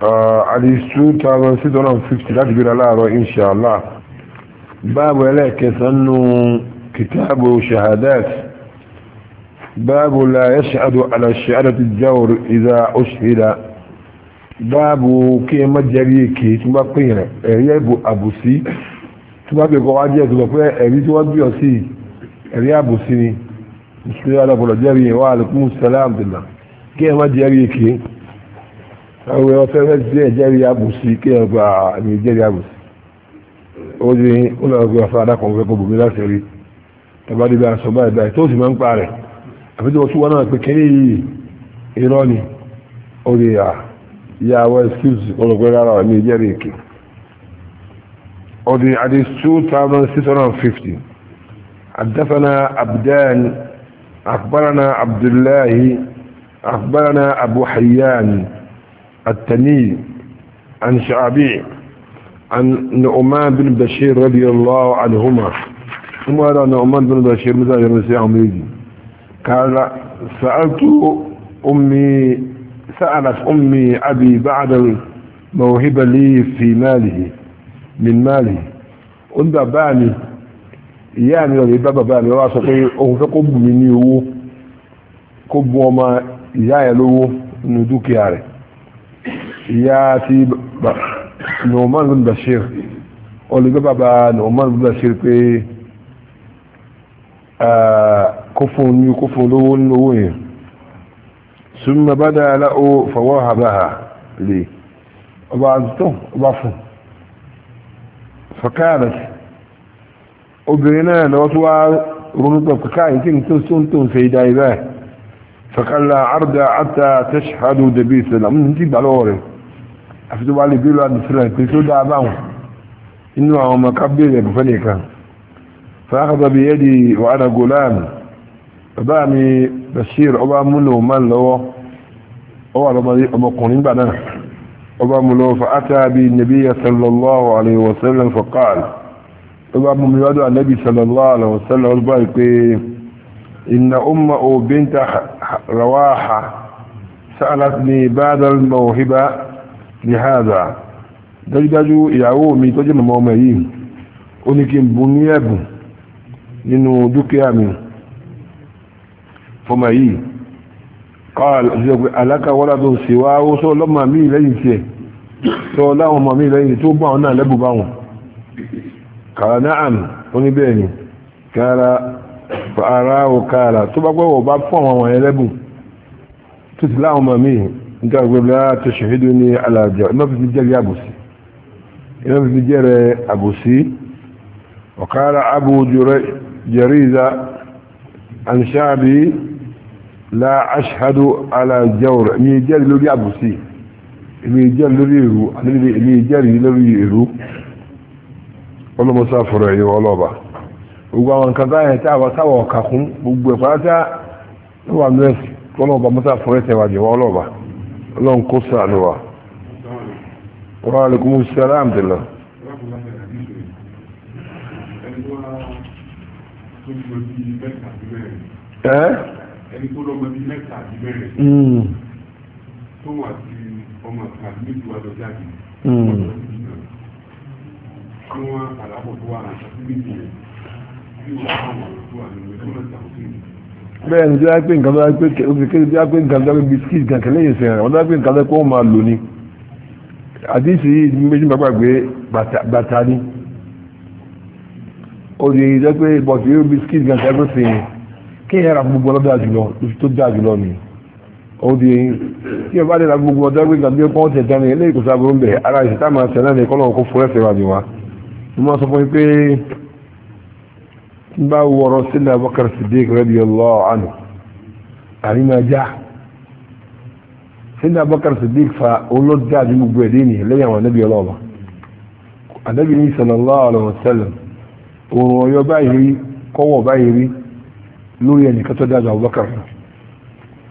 àdìs uh, 2650 láti gbéra láàárọ̀ inṣàlá báàbù ẹlẹ́ẹ̀kẹsàn nù kìtàbù shahadat báàbù la yashhadu ala shahadati jawr idha ushhida báàbù kí ẹ má jẹ́rí èké tí wọ́n bá pè rẹ̀ ẹ̀rí ẹ̀bù àbùsí tí wọ́n bá pè kọ́ wá jẹ́ ìtùbọ̀ pé ẹ̀rí tí wọ́n bí ọ sí ẹ̀rí àbùsí ni mùsùlùmí alábọ̀lọ̀ jẹ́rí wà alaikum salam àbdùlá kí ẹ má jẹ́rí èké àwọn ọ̀fẹ́ fẹ́ sí ẹ̀jẹ̀rí àbùsí kí ẹ gba àmì ìjẹ̀rí àbùsí ó ní ó lọ gbé ọ̀fẹ́ adákan fẹ́ kó bòmí láti rí tọba níbi àṣọ báyìí báyìí tó sì máa ń pa rẹ̀ àfi tí wọ́n tún wọn náà pé kéré yìí irọ́ ni ó lè à yà wọ excuse ọlọ́gbẹ́ rárá àmì ìjẹ̀rí èké ó ní àdé two àdáfẹ́nà abdán akbarana abdullahi akbarana abu hayyan التميمي عن شعبي عن نعمان بن بشير رضي الله عنهما ثم قال نعمان بن بشير مثلا يرسي عميدي قال سألت أمي سألت أمي أبي بعد الموهبة لي في ماله من ماله عند باباني يعني لو بابا باني واسا قي أنفقوا مني هو كبوا ما يا يلو يعني ìyá tí Nu'man bin Bashir olùgbé bàbá Nu'man bin Bashir pé kó fún ní kó fún lówó lówó yẹn summa bada lahu fawahabaha li ọba àtúntò ọba fún fakarat obìnrin náà lọ́wọ́ tó wá ronúpọ̀ kàkà yìí tí n tó tó ń fẹ́ ìdá ibẹ̀ fakalla arda hatta tashhadu dabi sallam ti gbà àfi tó bá lè bí lọ àdùsílẹ̀ pé tó dáa báwọn inú àwọn ọmọ kábíyèrè ẹ̀bùfẹ́ nìkan fàákàtà bí yẹ́ di wàhálà golan bàbá mi Bashir ọba múlò man lọ́wọ́ ó wà lọ́mọkùnrin gbà náà ọba múlò fa'ata bí nàbí sallallahu alayhi wa sallam faqal ọba mú mi wádùn ànábì sallallahu alayhi wa ọba pé inna umma o binta rawaha sa'alat ni ba'da al لهذا دجدجو يعو مي توجي ماما يي n bu ní ẹ̀bùn nínú dúkìá mi fọmọ yìí alákàwọ́lá tó sì wá ó sọ lẹ́yìn sọ ọmọ mí lẹ́yìn tó bá wọn náà lẹ́bù bá wọn kàrà náà انت اقول لا تشهدني على جر ما في مجال يا ابو سي ما في مجال ابو سي وقال ابو جريزة عن شعبي لا اشهد على جور مجال لوري ابو سي مجال لوري رو مجال لوري رو ولا مسافر يعني ولا با gbogbo àwọn nǹkan báyẹn tí àwọn táwọn ọ̀kà kún gbogbo ẹ̀fọ́ látà ló wà ní ẹ̀sìn kọ́lọ́ọ̀bà mọ́tà fún ẹ̀sẹ̀ wàjẹ̀wọ́ ọlọ́ọ̀bà lọ́n kó sàánú wa wa alaikum salaam ẹni tó lọ́mọ bí mẹ́ta àti mẹ́rin hmm. tó wà sí ọmọ kan méjì wà lọ jáde hmm. kí wọ́n àlàbọ̀ tó wà láti méjì rẹ̀ bí wọ́n àwọn ọ̀rọ̀ tó wà nínú bẹ́ẹ̀ ni jẹ́ pé nǹkan tó wáyé pé obìnrin jẹ́ pé nǹkan tó wáyé bisikíìtì kan kẹ́lẹ́ yẹn sẹ́yìn rẹ̀ wọ́n tó wáyé pé nǹkan tó kọ́ máa lò ní àdísì yìí méjì bá gbàgbé bàtà ní òdì èyí jẹ́ pé bọ̀tì yóò bisikíìtì kan kẹ́lẹ́ sẹ́yìn kí ẹ̀ ra gbogbo ọlọ́dà jùlọ tó dà jùlọ ni òdì èyí tí ẹ bá lè ra gbogbo ọdọ́ pé nǹkan tó kọ́ tẹ̀ tán ni eléyìí kò sábà ń bẹ̀ ara ìṣẹ̀tà máa ṣẹlẹ̀ ní kọ́lọ́ bá wọ̀rọ̀ sílẹ̀ Abubakar Siddiq radiyallahu anhu àrímájá sílẹ̀ Abubakar Siddiq fa olóòjá àti gbogbo ẹ̀dẹ́ ni lẹ́yìn àwọn anábì ọlọ́ọ̀bà anábì ní sallallahu alaihi wasallam òun ọyọ báyìí rí kọ́wọ̀ báyìí rí lórí ẹnìkan tó dájú Abubakar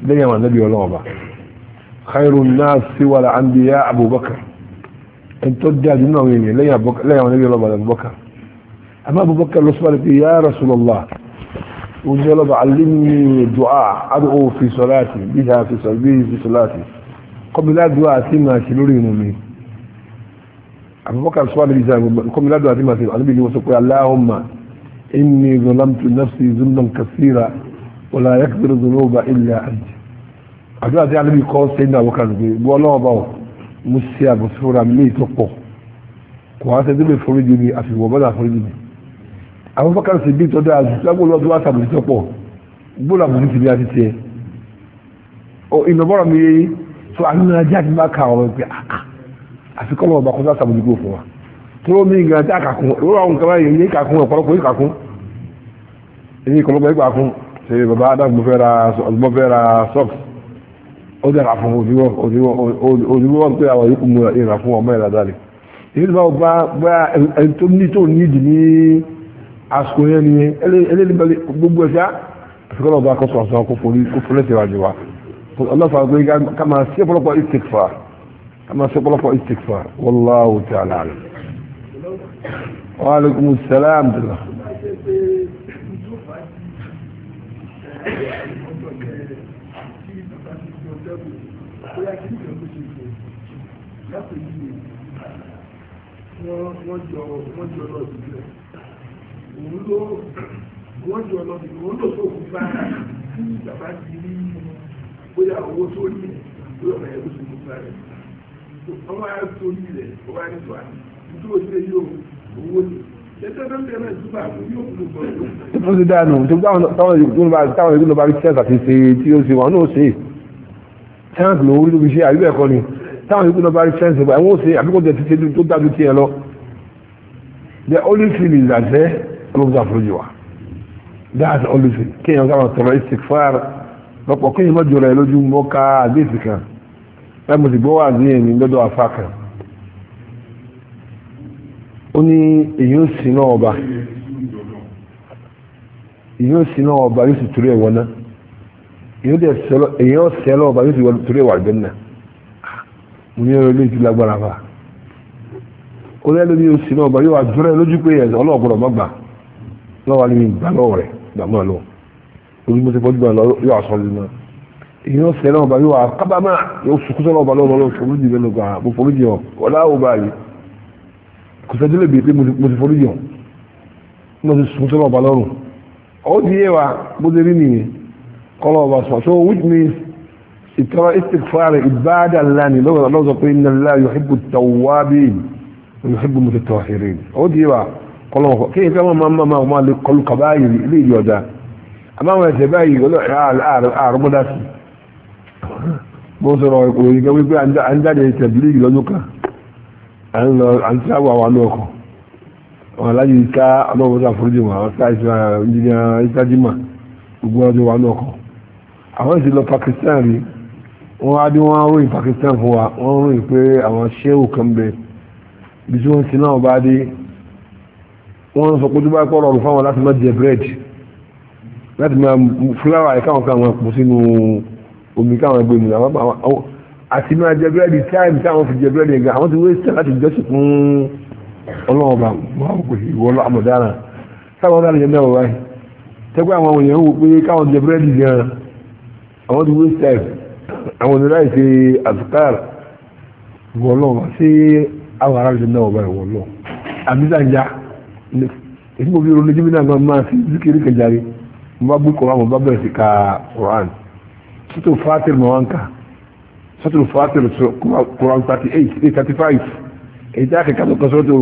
lẹ́yìn àwọn anábì ọlọ́ọ̀bà khairu nas siwala anbiya Abubakar ẹni tó dájú náà wọ̀nyẹn lẹ́yìn àwọn anábì ọlọ́ọ̀bà أما أبو بكر الأصبر يا رسول الله وجلب علمني الدعاء أدعو في صلاتي بها في صلبي في صلاتي قبل لا دعاء سيما شلوري نمي أبو بكر الأصبر قبل لا دعاء سيما شلوري نمي النبي اللهم إني ظلمت نفسي ظلما كثيرا ولا يكبر ذنوب إلا أنت أدعاء دي على النبي قال سيدنا أبو بكر بولا باو مسيا بسفورا ملي تقو كواتدبي فريدني أفي وبدا فريدني abubakar sì bí tọ́jú àgbélọ́ tó wá sàbòsítọ́ pọ̀ gbọ́dọ̀ àbòsí ti bí a ti O ìnàbọ̀rọ̀ mi yé so àwọn ajé àti máa ka ọ̀rọ̀ pé ah, ah. àfikọ́ wa tó ló ní ìgbà tí a kà kún ìwé àwọn nǹkan báyìí yé kà kún ọ̀pọ̀lọpọ̀ yé kà kún èyí kọlọ́pọ̀ yé kà kún ṣe bàbá adam socks ó dára fún òdiwọ́ òdiwọ́ pé àwọn yòókù mu ìrà fún ọmọ ìrà dálẹ̀ èyí ló bá ẹni tó àsìkò yẹn ni eléyìí gbogbo ẹ̀ṣá àfikún ọba akọ́sọ àṣà kó forí kó forí lẹ́sẹ̀ wájú wa ọlọ́fà gbé ká máa sí ọ̀pọ̀lọpọ̀ istikfa ká máa sí ọ̀pọ̀lọpọ̀ istikfa wallahu ta'ala alam. wa alaikum salaam dùlọ. wọ́n jọ wọ́n jọ lọ́ọ̀dù òun ló wọ́n jọ lọ sí òun lò sóògùn ti dáa nù tó táwọn ìgbóhùn bá rí tẹ́sà ti ṣe tí ó ṣe wọn náà ṣe tẹ́ǹtì ló rí lóbi ṣe àríwá ẹ̀kọ́ ni táwọn ìgbóhùn bá rí tẹ́ǹtì bá ẹ̀wọ̀n ṣe àbíkọ́ tẹ̀ ti ṣe tó dájú tiẹ̀ lọ. the only thing is that eh, ọlọ́gbà fúrújì wa dáàtì olùsè kéèyàn ká máa tọrọ istikfar lọ́pọ̀ kéèyàn má jọra ẹ lójú mọ́ ká àdéhìsì kan láì mo sì gbọ́ wà ní ẹ̀yìn lọ́dọ̀ afá kan ó ní èyí ó sin náà ọba èyí ó sin náà ọba yóò sì torí ẹ̀ wọ́n náà èyí ó sẹ́ lọ́ọ̀ba yóò sì torí ẹ̀ wà lẹ́nu náà mo ní ẹ̀rọ ilé ìtú lágbára bá ó lẹ́nu ní oṣù lọ́wọ́ alẹ́ ìgbàlọ́ rẹ̀ gbàmọ́ lọ orí mo ti fọ́jú gbà lọ yóò aṣọ lè mọ́ èyí náà sẹ́lẹ̀ ọba yóò akábàmà yóò sùkú sọ́lọ́ ọba lọ́wọ́ lọ́wọ́ forí jìbẹ́ lọ́gbà mo forí jìyàn ọ̀la ọba yìí kò sẹ́jú lè bèè pé mo ti forí jìyàn mo ti sùkú sọ́lọ́ ọba lọ́rùn ó di yé wa bó ti rí nìyẹn kọ́lọ́ ọba sọ so which means ìtọ́rọ istikfar ìbáàdà lánìí lọ́wọ́ lọ́wọ́ sọ pé inna Allah kọlọ́wọ́ kí ni fẹ́ràn máa máa máa lè kọlu kaba yìí ilé ìlú ọ̀dà àbáwọn ẹ̀sẹ̀ báyìí àrùmọ́dá sí mo sọ̀rọ̀ ìkòrò yìí wípé à ń jáde tẹ̀bílì lọ́dún kan à ń lọ à ń tí àwọn àwọn àlọ́ ọkọ̀ àwọn aláyé ká ọlọ́wọ́ sá foríjì wọn àwọn sáà ìṣúra ìjìnlẹ̀ ìtajìmọ̀ gbogbo ọdún wa lọ́kọ̀ àwọn ìṣe lọ Pakistan rí wọn á bí wọn ròyìn Pakistan fún wa wọn ròyìn pé àwọn ṣéwù wọ́n sọ pé tó bá kọ́ rọrùn fáwọn láti má jẹ búrẹ́dì láti máa fúláwà ẹ̀ káwọn káwọn pò sínú omi káwọn ẹgbẹ́ mi àti máa jẹ búrẹ́dì táìmù táwọn fi jẹ búrẹ́dì ẹ̀gá àwọn ti wéṣẹ̀ láti jọ́sìn fún ọlọ́ọ̀bà wọn kò sí ìwọ ọlọ́àmọ̀dára sáwọn ọ̀dà lè mẹ́wàá wáyé tẹ́gbẹ́ àwọn èèyàn wò pé káwọn jẹ búrẹ́dì gan àwọn ti wéṣẹ̀ táìmù àwọn ọ̀dà èyí mo fi ronú jíbi náà gan máa fi zikiri kẹjáre mo bá gbé kọ́ra mo bá bẹ̀rẹ̀ sí ka Quran sọ́tò fatir mo wá ń kà sọ́tò fatir Quran thirty eight eight thirty five èyí tí a kẹ́kẹ́ tó kọ́ sọ́tò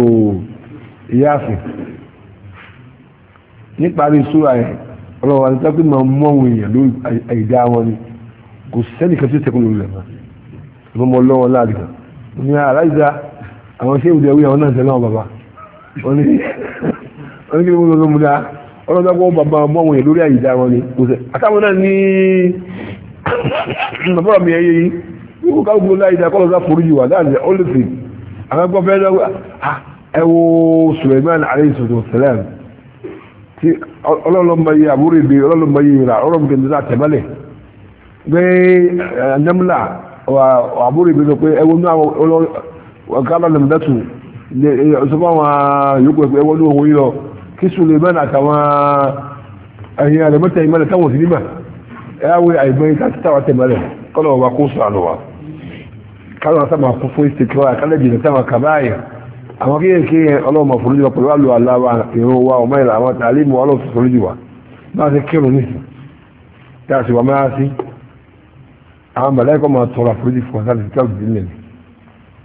ìyáàfin níparí súra ẹ̀ ọlọ́wà ní tábí máa mọ́ àwọn èèyàn lórí àìdá wọn ni kò sẹ́ni kan tí tẹkùn lórí ẹ̀mà ìbọn mọ́ lọ́wọ́ láàrin ní aláìsá àwọn ṣé ìwé àwọn náà tẹ̀lé wọn bàbá oníkiri mú lọ́dún múlá ọlọ́dọ́gbọ́ bàbá ọmọ yẹn lórí àyíká wọn ni kò sẹ́ àtàwọn náà ní bàbá mi ẹyẹ yìí wọ́n ká gbogbo láyé dá kọ́lọ́dá forí yìí wà láàrin olùfẹ́ àgbẹ̀gbọ́ fẹ́ lọ́wọ́ ah, ẹ wo Suleiman alayhi ọ̀sọ́fà wọn yòókù ẹ̀pẹ́ wọ́n lóhun yìí lọ kí Suleiman àtàwọn ẹ̀yìn àlẹ́mọ́tẹ̀ ìmọ̀lẹ̀ táwọn òsì nímà ẹ̀yàwó àìmọ́ ìta títàwà tẹ̀mọ́lẹ̀ kọ́lọ̀ ọba kó sọ àlọ́wà kálọ̀ sábà kún fún ìsìnkú àkálẹ̀ jìnà táwọn kàbáyà àwọn kéèké ọlọ́mọ foríjì wa pẹ̀lú àlọ́ aláwa ìrún wa ọmọ ìlà àwọn tàlímù ọlọ́sùn foríjì wa máa ṣe kírun nìsín tí a sì wà máa sí àwọn mọ̀lẹ́kọ̀ọ́ máa tọrọ àforíjì fún ọ̀sán ìsìnkú àbùdí lẹ́nu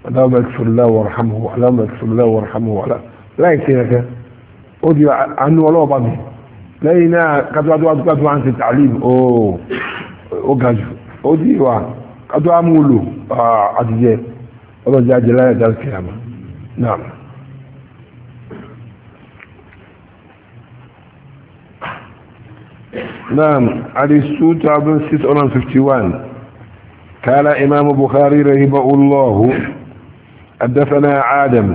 اللهم اغفر الله وارحمه اللهم اغفر الله وارحمه لا لا يكفيك ودي عنه ولو بعض لينا قد وعدوا وعد قد عن التعليم اوه وقاج ودي وعد قد عمولو اه عديات الله جاء جلال دار الكلامة نعم نعم علي السود 651 قال إمام بخاري رحمه الله حدثنا عادم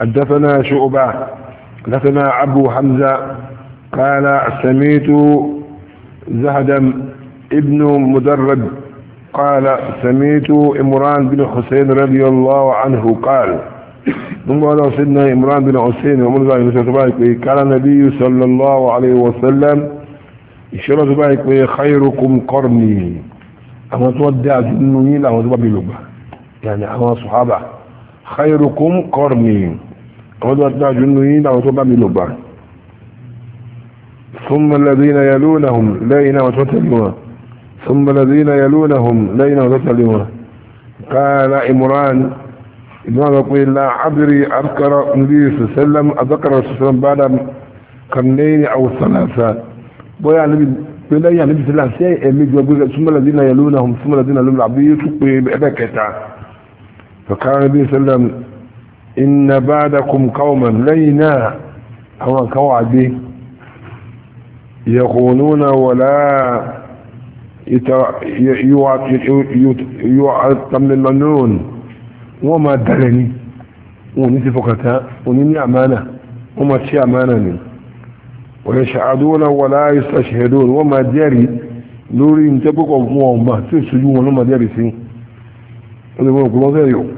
حدثنا شعبة حدثنا أبو حمزة قال سميت زهدا ابن مدرب قال سميت إمران بن حسين رضي الله عنه قال ثم قال سيدنا إمران بن حسين ومن ذلك قال النبي صلى الله عليه وسلم ìṣẹ́lọ́tọ́ báyìí خيركم قرني اما تودع tó wọ́n dáa jù nínú يعني اما صحابه خيركم قرني قد أتنا جنوين أو تبع لبا ثم الذين يلونهم لين وتتلوا ثم الذين يلونهم لين وتتلوا قال إمران إمران يقول لا عبري أذكر النبي صلى الله عليه وسلم أذكر رسول الله بعد قرنين أو ثلاثة بويا النبي بلا يعني بسلا سي امي جو ثم الذين يلونهم ثم الذين يلونهم بابا بكتا فقال النبي صلى الله عليه وسلم إن بعدكم قوما لينا أو كوعدي يقولون ولا يعتملنون وما دلني ونسي فكتا ونمي أمانة وما تشي أمانة ويشهدون ولا يستشهدون وما جري لوري انتبقوا وما تسجون وما جري سين هذا هو ولكن يوم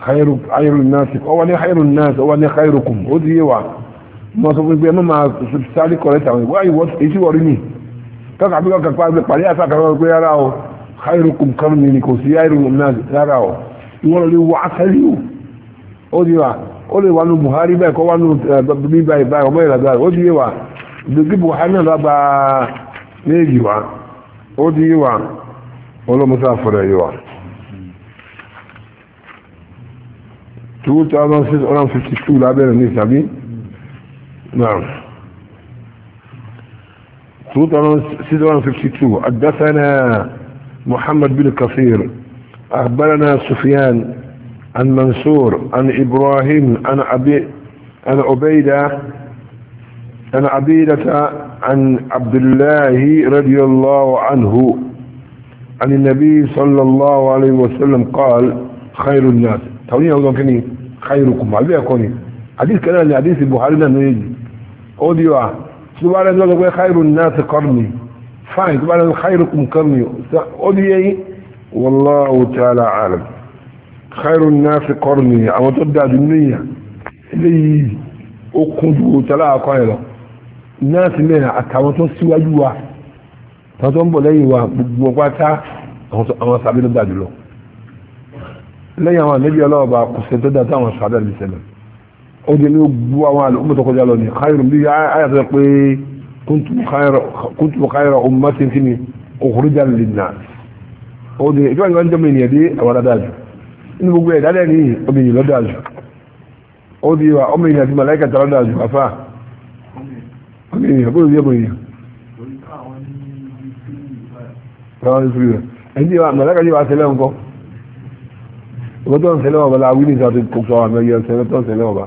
خير خير الناس هو ليه خير الناس هو ليه خيركم ودي يوا ما سوف يبقى ما سالي كوريتا واي وات ايشي وريني كاكا بيكا كاكا بيكا بيكا كاكا بيكا راو خيركم كرني نيكو سيائر الناس لا راو يقول لي وعسليو ودي يوا قولي وانو بخاري باك وانو بي باي باي وما يلا دار ودي يوا بيجيب وحنا لا با نيجي وا ودي يوا ولو مسافر يوا 2652 الناس عبين نعم حدثنا محمد بن كثير أخبرنا سفيان عن منصور عن إبراهيم عن أبي عن عبيدة عن عبيدة عن عبد الله رضي الله عنه عن النبي صلى الله عليه وسلم قال خير الناس تقولين أولا كنين khairukum àbí ẹ̀kọ́ ni àdìsí kẹ́lẹ́ ni àdìsí Buhari náà ló yẹjì ó di wa tí wọ́n rẹ̀ lọ́dọ̀ pé khairun nas qarni fáìn tí wọ́n rẹ̀ khairukum qarni ó di yẹn wallahu ta'ala alam khairun nas qarni àwọn tó dáa dùn níyà eléyìí ó kún ju tẹ́lá àkọ́ ẹ̀ lọ nas mẹ́rin àtàwọn tó síwájú wa tó ń bọ̀ lẹ́yìn wa gbogbo pátá àwọn sàbẹ̀ ló dáa jùlọ lẹ́yìn àwọn ànábì ọlọ́ọ̀bà kò sí tó dáta àwọn sàádà lè sẹ́lẹ̀ ó di ní gbogbo àwọn àlùkùn tó kọjá lọ ní khairu bí ayàtọ̀ pé kuntum khairu ummatin kí ni ukhrijat lin-nas ó di ìjọba ìjọba ìjọba ènìyàn dé àwọn adájú inú gbogbo ẹ̀dá lẹ́ni obìnrin lọ dájú ó di wa ọmọ ènìyàn àti màláìkà tàrà dájú afá ọmọ ènìyàn bó ìgbọ́tọ̀ ń sẹlẹ̀ ọba la wílì sàtò kókò àwọn ẹ̀yẹ ọ̀sẹ̀lẹ̀tọ̀ sẹlẹ̀ ọba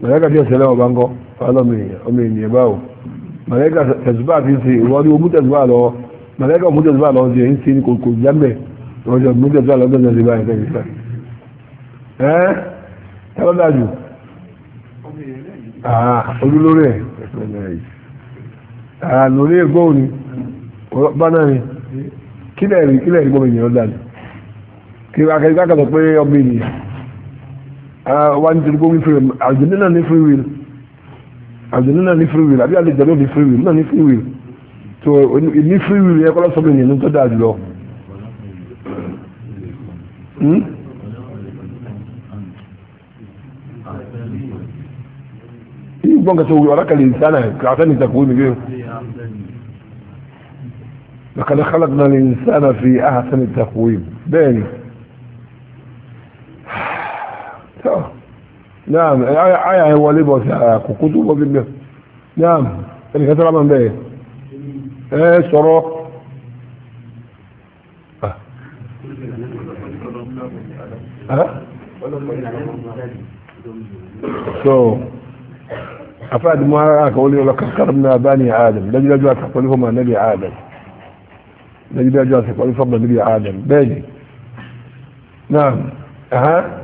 mọ̀lẹ́kà tí ọ̀sẹ̀lẹ̀ ọba ń kọ́ ọmọ ènìyàn báwo mọ̀lẹ́kà tẹ̀sùbà ti ń ṣe ìwọ́n ní omú tẹ̀sùbà lọ mọ̀lẹ́kà omú tẹ̀sùbà lọ ṣe ń ṣe ní kòkò jámbẹ̀ ọjọ́ omú tẹ̀sùbà lọ bẹ̀rẹ̀ báyìí kí akẹ́kọ̀ọ́ kàtọ̀ pé ọmọ ènìyàn wá ní tẹ̀lé gómìn free will àjẹ́lẹ́ náà ní free will àjẹ́lẹ́ náà ní free will àbí àlejò náà ní free will náà ní free will tó ní free will yẹ kọ́lọ́ sọ́mọ ènìyàn tó dáa jùlọ. gbọ́n ka sọ̀rọ̀ alákàlẹ̀ ìsáná kàtàní ìtàkùn mi gbé لقد خلقنا الإنسان في أحسن التقويم بيني نعم آية آية ولي بس كوكوت وبيبنا نعم اللي كتر من ده ايه صرا اه سو أفاد ما رأك ولي لك كرمنا بني آدم لجل جاتك ولهما نبي آدم لجل جاتك ولهما نبي آدم بني نعم أها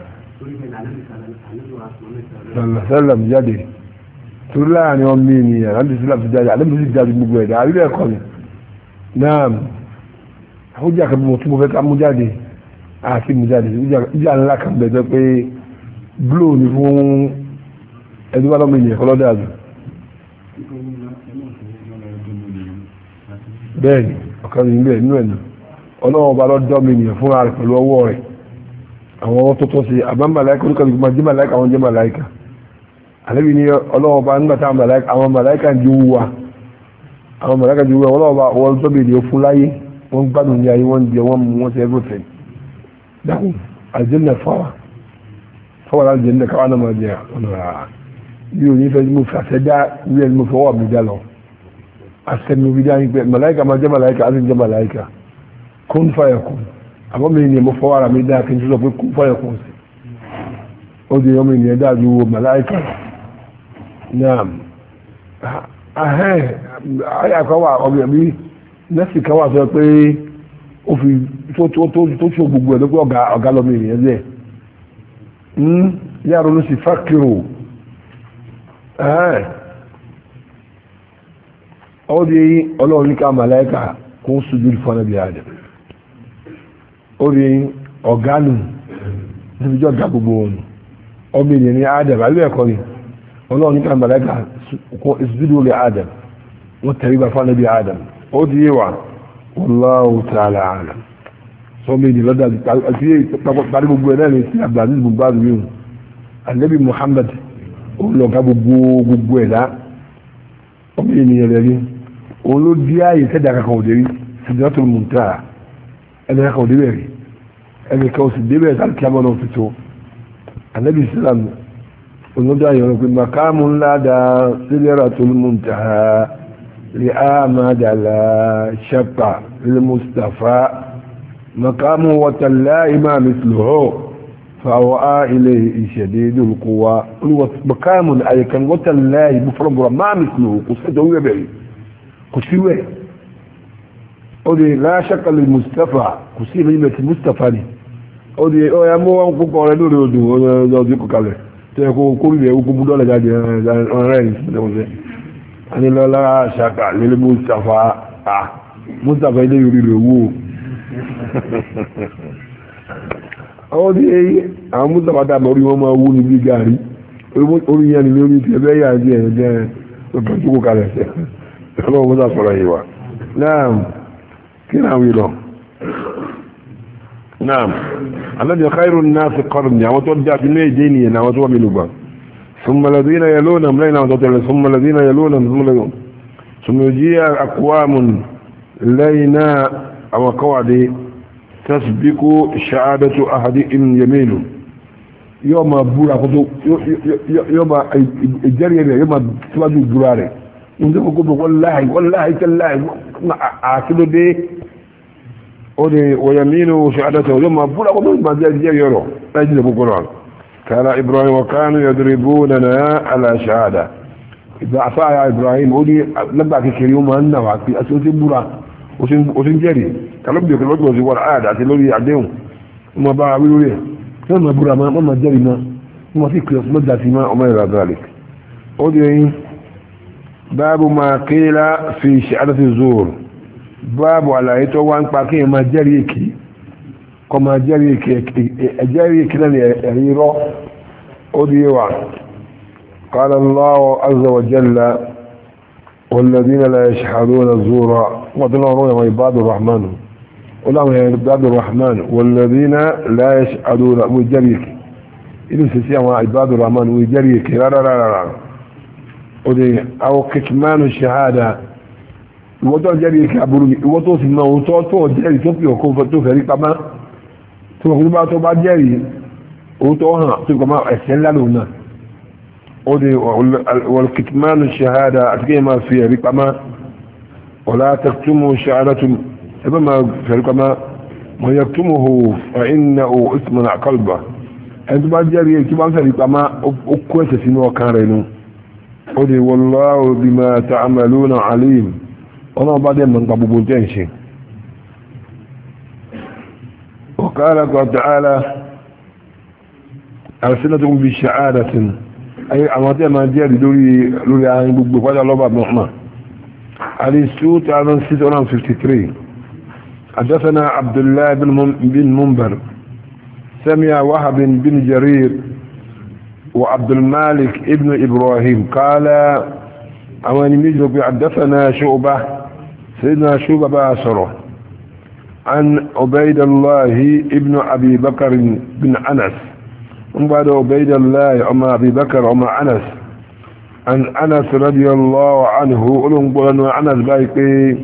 sàlẹ̀sàlẹ̀ jáde torí láàrin ọmọ ènìyàn láti sílẹ̀ fi jáde àlẹ́ mi sì jáde gbogbo ẹ̀dá àríwá ẹ̀kọ́ ni náà àkójá kan bí mo tún mo fẹ́ ká mú jáde àti mú jáde ìjà ńlá kan bẹ̀ pé glo ni fún ẹni wà lọ́mọ ènìyàn kọ́lọ́dà jù. bẹ́ẹ̀ni ọ̀kan nínú ẹ̀ nínú ẹ̀ nù ọlọ́wọ́ ọba lọ́dọ́ mi ènìyàn fúnra rẹ̀ pẹ̀lú ọwọ́ rẹ̀ àwọn ọwọ́ tó tọ́ sí àbámbàláìka oníkàlùkù máa jẹ́ màláìka àwọn jẹ́ màláìka àlẹ́bí ní ọlọ́ọ̀bá nígbàtà àwọn màláìkà ju wa àwọn màláìkà ju wa ọlọ́ọ̀bá wọ́n tó bèèrè fún láyé wọ́n gbádùn ní ayé wọ́n jẹ wọ́n mú wọ́n ṣe everything dákun àjẹ́nà fáwà fáwà láti jẹ́nà káwà náà máa jẹ ọ̀nà rà bí o ní fẹ́ mo fẹ́ àṣẹjá bí ẹni mo fọwọ́ mi dá lọ àṣẹmi bí dá ní pé màláìkà máa jẹ́ màláìkà á sì jẹ́ màláìkà kún fàyà kún àbọ̀ mi ni mo fọwọ́ ara mi dá kí n tó sọ pé kún fàyà kún sí ó di ọmọ ènìyàn dáa ju màláìkà lọ naam ahẹ́n àyàkọ́wà ọ̀gbìn àbí nẹ́sì kan wà sọ pé ó fi tó ṣe gbogbo ẹ̀ lókè ọ̀gá ọ̀gá lọ́mọ ènìyàn bẹ́ẹ̀ yàrá ló sì fákìrò ó di ọlọ́run ní ká màláìkà kó ń sojú fún ẹbí àdẹ̀ ó di ọ̀gá nù níbi jọ́ ọ̀gá gbogbo ọ̀nà ọmọ ènìyàn ní àdẹ̀ àbí ẹ̀kọ́ ni. ọlọ́run nípa mẹ́lẹ́gà kó ìsìdúró lè adam wọ́n tẹ̀rí bá fún ẹbí adam ó di yíwa wallahu ta'ala alam sọmi ni lọ́dà àti parí gbogbo ẹ̀ náà lè sí abdulaziz bumbaz mi anabi muhammad ó lọ ká gbogbo gbogbo ẹ̀ ọmọ ènìyàn rẹ̀ rí òun ààyè sẹ́dá kankan òde rí sidratul muntaha ẹni kankan òde rí ẹni kan òsì débẹ̀ olódó àyọ̀rọ̀ pé makamu ńlá da sílẹ̀rà tó lè mú ń ta lè á máa dàlà ṣẹpa lè mustapha makamu wàtàlá ìmáà mìsìlùhọ́ fàwọ́ á ilé ìṣẹ̀dẹ̀ lórúkọ wa makamu àyẹ̀kan wàtàlá ìbú fọ́nbọ̀rọ̀ máa mìsìlùhọ́ kò sí ìjọwé bẹ̀rẹ̀ kò sí wẹ̀ ó lè láṣẹ́kà lè mustapha kò sí ìrìnlẹ̀ mustapha ni ó lè ọ̀yà mọ́wọ́n púpọ̀ rẹ̀ lórí odò ọ̀dọ́ ọdún kọkalẹ̀ tẹ ko kórì rẹ ogun bú dọ́là jáde ọ̀rẹ́ ìṣẹ̀lẹ̀ anilọ́lá ṣàkà lélẹ́ mustapha à mustapha ilé yorì rẹ̀ wò àwọn tí àwọn mustapha tá a bọ̀ orí wọn máa wú ní bí gàrí orí yẹn ni ní orí tiẹ̀ bẹ́ẹ̀ yà á jẹ́ ẹ̀jẹ̀ ọ̀pọ̀ tó kó kalẹ̀ ṣe ọlọ́wọ́ mustapha sọ̀rọ̀ yìí wa náà kí ni àwọn yìí lọ. نعم الذي خير الناس قرن وتودع بني ديني وتودع بلوبا ثم الذين يلونهم لين ثم الذين يلونهم ثم الذين ثم يجي أقوام لينا أو قوعد تسبق شعادة أحد إن يميل يوم بورا قدو يوم الجري يوم تواجه براري ونقول والله والله تالله أعتقد ودي ويمينه شعلته لما بولا قدوم ما جاء يرو اجل ابو قران قال ابراهيم وكانوا يضربوننا على شهاده اذا عصى يا ابراهيم ودي لبا كيريوم ان وفي اسوتي بورا وسين وسين جري قالوا بيقول لك وزي والعاده تلوري يعدهم ما با ويلوري كما بورا ما ما جري ما ما في كلاس ما ذاتي ما وما الى ذلك ودي باب ما قيل في شعلة الزور báàbù àlàyé tó wá ń pa kí ẹ máa jẹ́rìí èkì kọ́ máa jẹ́rìí èkì ẹ̀jẹ̀rìí èkì náà ní ẹ̀rí rọ́ ó di wà قال الله عز وجل والذين لا يشهدون الزورا وضلوا رؤيا وعباد الرحمن ولهم عباد الرحمن والذين لا يشهدون وجريك إذن سيسيا وعباد الرحمن وجريك لا لا لا لا أو كتمان الشهادة ìwọ́n tó jẹ́rìí kí aburú ni ìwọ́n tó sì mọ ohun tó tó jẹ́rìí tó fi ọkọ̀ tó fẹ́ rí pamá tó kọ́ bá tó bá jẹ́rìí ohun tó hàn tó kọ́ máa ẹ̀sẹ̀ ńlá lòun náà ó di wọlkìtìmánu ṣahada àti kéèyàn máa fi ẹ̀rí pamá ọ̀la tẹ̀túmù ṣahada tó ẹbẹ́ máa fẹ̀rí pamá mọ̀ yẹ túmù hù ẹ̀yìnà ò ìtumọ̀nà àkọlùbà ẹni tó bá jẹ́rìí tó bá fẹ̀rí pamá ó kó ẹ̀sẹ̀ sínú ọkàn rẹ̀ nù ó di wallahu bima ta'maluna alim ọlọ́run bá dẹ̀ mọ̀ nípa gbogbo وقال تعالى أرسلتكم بشعادة أي أماتي ما جاء لدوري لوري عن بقبو فجأة الله بعد محمد علي السوت عن 653 حدثنا عبد الله بن منبر سمع وهب بن جرير وعبد المالك ابن إبراهيم قال أواني ميزو حدثنا شعبه سيدنا شوب باسره عن عبيد الله ابن أبي بكر بن أنس من بعد عبيد الله عم أبي بكر عم أنس عن أنس رضي الله عنه قلهم قلنا أنس بايقي إيه؟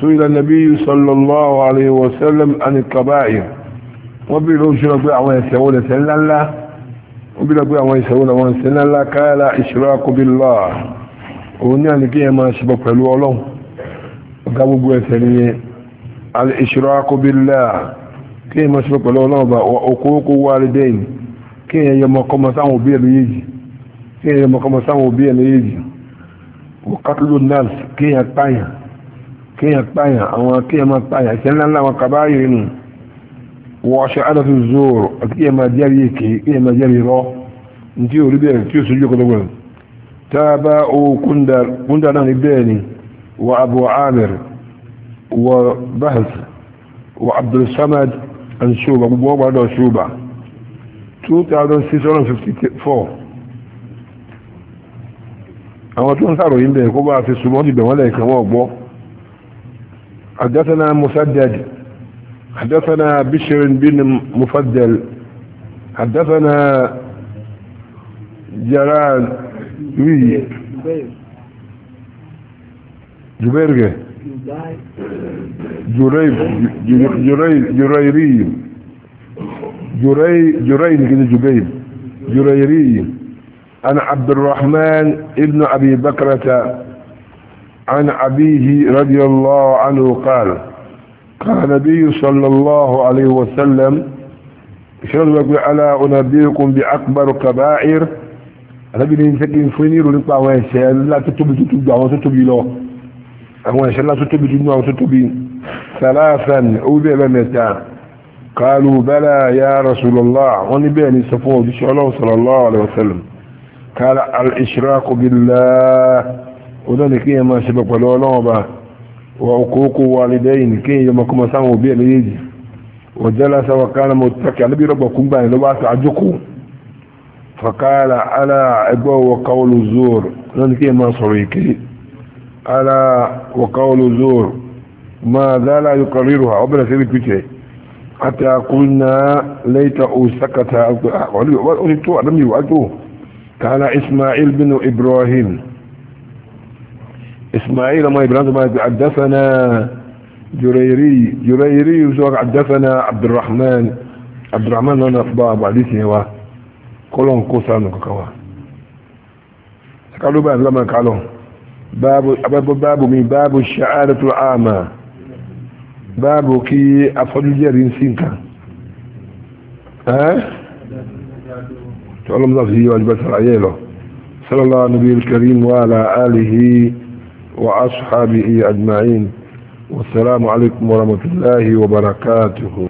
سئل النبي صلى الله عليه وسلم عن القبائل وبيلو شنو بيع سيولة سنة سلالة وبيلو أعوان سيولة سنة سلالة قال إشراك بالله òun ní àlèkí ẹ máa ṣe bọ pẹ̀lú ọlọ́run ọ̀gá gbogbo ẹ̀ṣẹ̀ nìyẹn al-ishraku billah kí ẹ máa ṣe bọ pẹ̀lú ọlọ́run bá òkúókó walidayn kí ẹ yẹ mọ́kọ́mọ́ sáwọn òbí ẹ̀ méjèèjì kí ẹ yẹ mọ́kọ́mọ́ sáwọn òbí ẹ̀ méjèèjì katlu nas kí ẹ pààyàn kí ẹ pààyàn àwọn kí ẹ máa pààyàn ìṣẹ́ ńlá láwọn kàbáyé nù wọ́n ṣe zoro kí máa jẹ́rìí èké kí máa jẹ́rìí rọ́ bẹ́ẹ̀ tí sojú ọkọ̀ lọ́gbọ̀n تابعوا كندر كندر الباني وابو عامر وبهز وعبد الصمد الشوبة ابو عبد الشوبة 2654 àwọn tó ń sàrò yìí bẹ̀rẹ̀ kó bá fi súnmọ́ dìbẹ̀ wọ́n lẹ́ẹ̀kan wọ́n gbọ́ حدثنا مسدد حدثنا بشر بن مفدل حدثنا جلال وي جبيرجة جريب جبير جبير جري جريب كده جبيب جريري أنا عبد الرحمن ابن أبي بكرة عن أبيه رضي الله عنه قال قال النبي صلى الله عليه وسلم شرط على أنبيكم بأكبر كبائر àtàbí ní fẹ́ kí n fún ní ìròyìn nípa àwọn ẹ̀ṣẹ̀ ńlá tó tóbi tó tóbi àwọn tó tóbi lọ àwọn ẹ̀ṣẹ̀ ńlá tó tóbi tó àwọn tó tóbi salasan owó bẹ́ẹ̀ bẹ́ẹ̀ mẹ́ta kálù bala ya rasulallah wọ́n ní bẹ́ẹ̀ ni sọ fún òjíṣẹ́ ọlọ́run sallallahu alaihi wasallam kálà al-ishraku billah ó náà ní kí yẹn máa ṣe bẹ̀ pẹ̀lú ọlọ́run ọba wa okoko فقال على عبو وقول الزور كي إيه ما صريكي على وقول الزور ماذا لا يقررها عبر سبيل كتير حتى قلنا ليته سكت وقلت لم يوعدوه قال اسماعيل بن ابراهيم اسماعيل ما ابراهيم ما حدثنا جريري جريري حدثنا عبد الرحمن عبد الرحمن لنا اخبار بعديثه kọlọ́n kó sánù kankan wa kálọ́ bá ń lọ́mọ kálọ́ báàbù báàbù mi báàbù ṣáàrẹ̀tù àmà báàbù kí afọ́jújẹ́rì ń sí nǹkan ẹ́ tí ọlọ́mọdé fi yíwájú bá sára yẹ́ lọ sọ́lọ́lá níbi karim wà lá àlìhí wa ashabihi ajma'in wassalamu alaikum warahmatullahi wabarakatuhu